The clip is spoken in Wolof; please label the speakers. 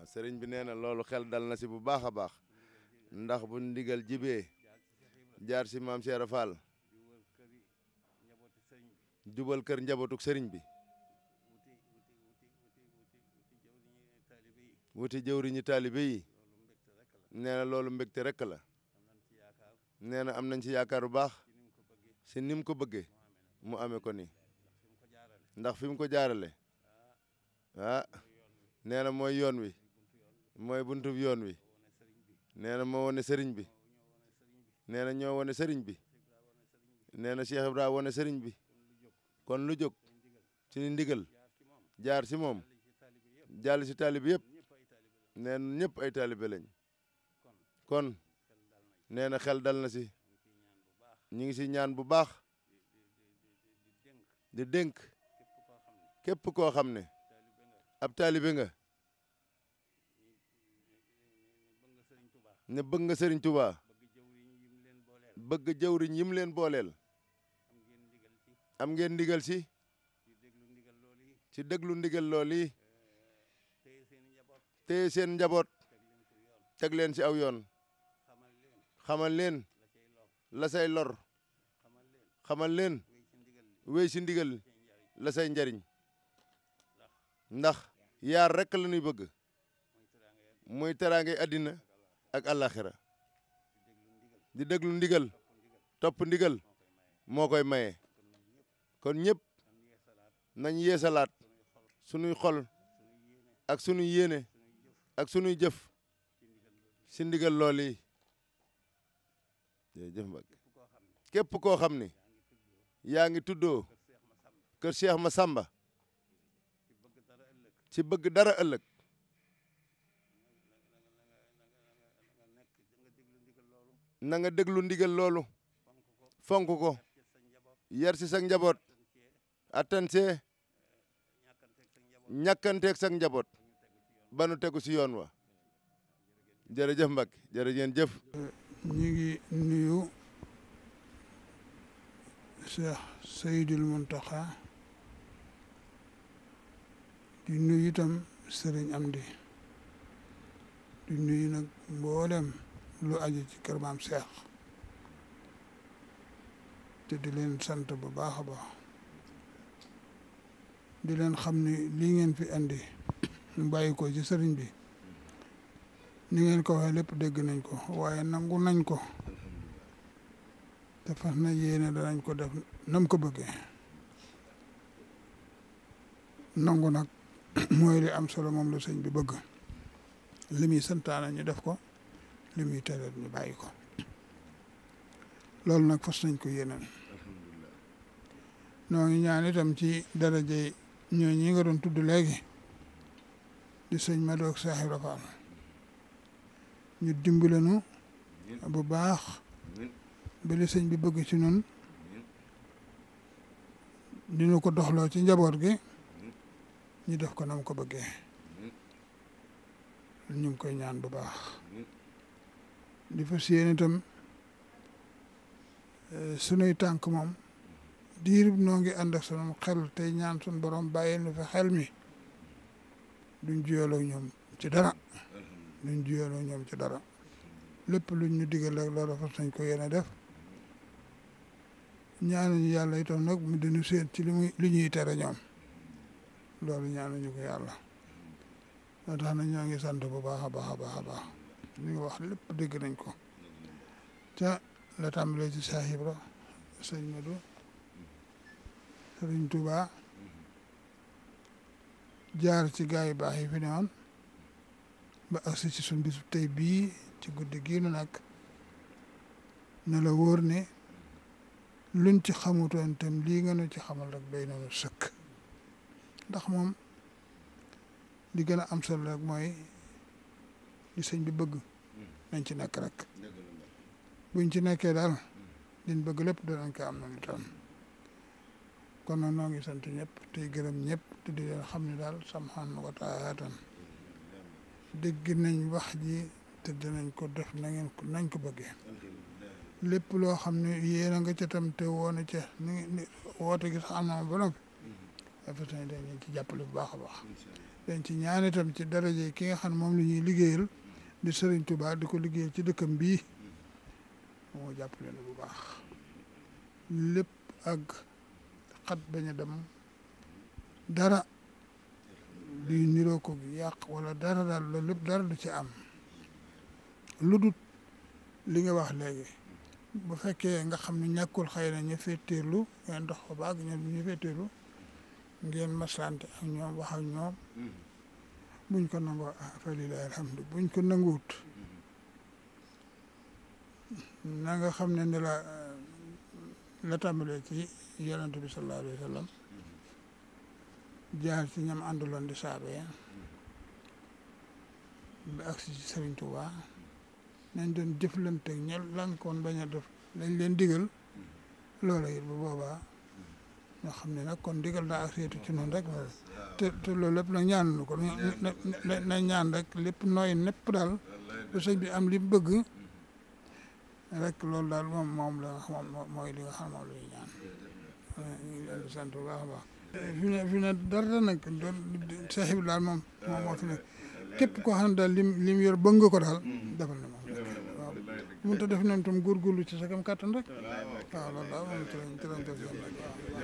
Speaker 1: waaw sëriñ bi nee na loolu xel dal na si bu baax a baax ndax bu ndigal jibee jaar si maam Cheikh Fall jubal kër njabootuk sëriñ bi wuti jëwriñu taalibe yi nee na loolu mbégte rek la nee na am nañ ci yaakaar bu baax si ni mu ko bëggee mu amee ko nii ndax fi ko jaarale ah mooy yoon wi mooy buntub yoon wi nee na moo wane sëriñ bi nee na ñoo wone sëriñ bi nee na Cheikh Ibrahima wane sëriñ bi kon lu jóg ci ndigal jaar si moom jàll ci taalibe yëpp nee na ñëpp ay taalibe lañ kon nee na xel dal na ci ñu ngi ci ñaan bu baax di dénk képp koo xam ne ab taalibe nga na bëgg nga sëriñ Touba bëgg jëwriñ yim leen booleel am ngeen ndigal si ci déglu ndigal lool yi téye seen njaboot teg leen ci aw yoon xamal leen la say lor xamal leen wéy ci ndigal la say njariñ ndax yaar rekk la ñuy bëgg muy teraangay àddina ak àllaaxira di déglu ndigal topp ndigal moo koy maye kon ñëpp nañ yeesalaat sunuy xol ak sunuy yéene ak sunuy jëf si ndigal lool yi jërëjëf Mbacke képp koo xam ni yaa ngi tuddoo kër Cheikh Massamba ci bëgg dara ëllëg na nga déglu ndigal loolu fonk ko yar si sa njaboot attance ñàkkanteeg sa njaboot ba nu tegu si yoon wa jërëjëf Mbacke jërë ngeen jëf
Speaker 2: ñu ngi nuyu Cheikh Seydil Mountakha di nuyu itam Serigne Amdi di nuyu nag mboolem lu aju ci kër maam Seex te di leen sant bu baax a baax di leen xam ni lii ngeen fi andi ñu bàyyi ko ci sëriñ bi ni ngeen ko waxee lépp dégg nañ ko waaye nangu nañ ko te fas na yéene danañ ko def nam ko bëgge nangu nag mooy li am solo moom lu sëñ bi bëgg li muy santaane ñu def ko li muy ñu bàyyi ko loolu nag fas nañ ko yéeneen noo ngi ñaan itam ci darajey ñoo ñi nga doon tudd léegi di sëñ Madoog Cheikh Ibra Fall ñu dimbalanu bu baax ba li sëñ bi bëgg ci nun dinu ko doxloo ci njaboot gi ñu def ko nam ko bëggee ñu ngi koy ñaan bu baax ndi fasi yeni tam eh, sunoy tank mom dirib noongi anda sonom xel tey ñaan sun borom bàyyil ni fa xel mi duñ juyoloo ñoom ci dara duñ juyoloo ñoom ci dara lépp luñ ñu digal rek loola fas nañ ko yéen a def ñaanañu yàlla itam nag mu dinu seet ci li li ñuy tere ñoom loolu ñaanañu ko yàlla moo tax na ñoo ngi sant bu baax a baax a baax a baax ñu wax lépp dégg nañ ko ca la tàmbalee ci Cheikh Ibra sëñ Madu sëriñ Tuubaa jaar ci gaay yu baax yi fi ne ba agsi ci sun bisu tey bii ci guddi gii nu nag na la wóor ne luñ ci xamutoon tam lii nga nu ci xamal rek doy nañu sëkk ndax moom li gën a am solo rek mooy li sëñ bi bëgg nañ ci nekk rek buñ ci nekkee daal din bëgg lépp danañ ko am na ñu tam kon nag noo ngi sant ñëpp tey gërëm ñépp te di leen xam ne daal samxaan ma ko taayaatan dégg nañ wax ji te dinañ ko def na ngeen ko nañ ko bëggee lépp loo xam ne yéen a nga ca tam te woon ca ni woote gi sax am na ba noppi dafa dañ ci jàppale bu baax a baax dañ ci ñaan itam ci daraje ki nga xam ne moom la ñuy liggéeyal di sëriñ Touba di ko liggéey ci dëkkam bii moo jàppale na bu baax lépp ak xat bañ a dem dara di niroo ko yàq wala dara daal loolu lépp dara du ci am lu dut li nga wax léegi bu fekkee nga xam ni ñàkkul xëy na ñu féeteerlu ngeen dox ko baag ñoom ñu ngeen maslante ak ñoom wax ak ñoom hmm. buñ ko nango ah fa alhamdu buñ ko nanguwut na nga xam ne ne la eh, la tàmbalee ci yonent bi sallallahu alayhi wa sallam jaar ci ñam ànduloon di saabee ya, bi agsi ci Sëriñ Tuubaa nañ doon jëflante ña lankoon bañ a def lañ leen digal loola it bu boobaa nga xam ne nag kon ndigal daa ak seetu ci noonu rek te te loolu lépp nag ñaan lu ko na ñaan rek lépp nooy nepp daal bu sëñ bi am li bëgg rek loolu daal moom moom la nga xam mooy li nga xam moom la ñuy ñaan ñu ngi leen di sant bu baax a baax fi ne fi ne dara nag doon saxi bi daal moom moom moo fi nekk képp koo xam ne daal lim lim yor bëgg nga ko daal defal na moom waaw mënu ta def noonu tam góorgóorlu ci sa kam kàttan rek waaw loolu daal moom ci lañ ci lañ def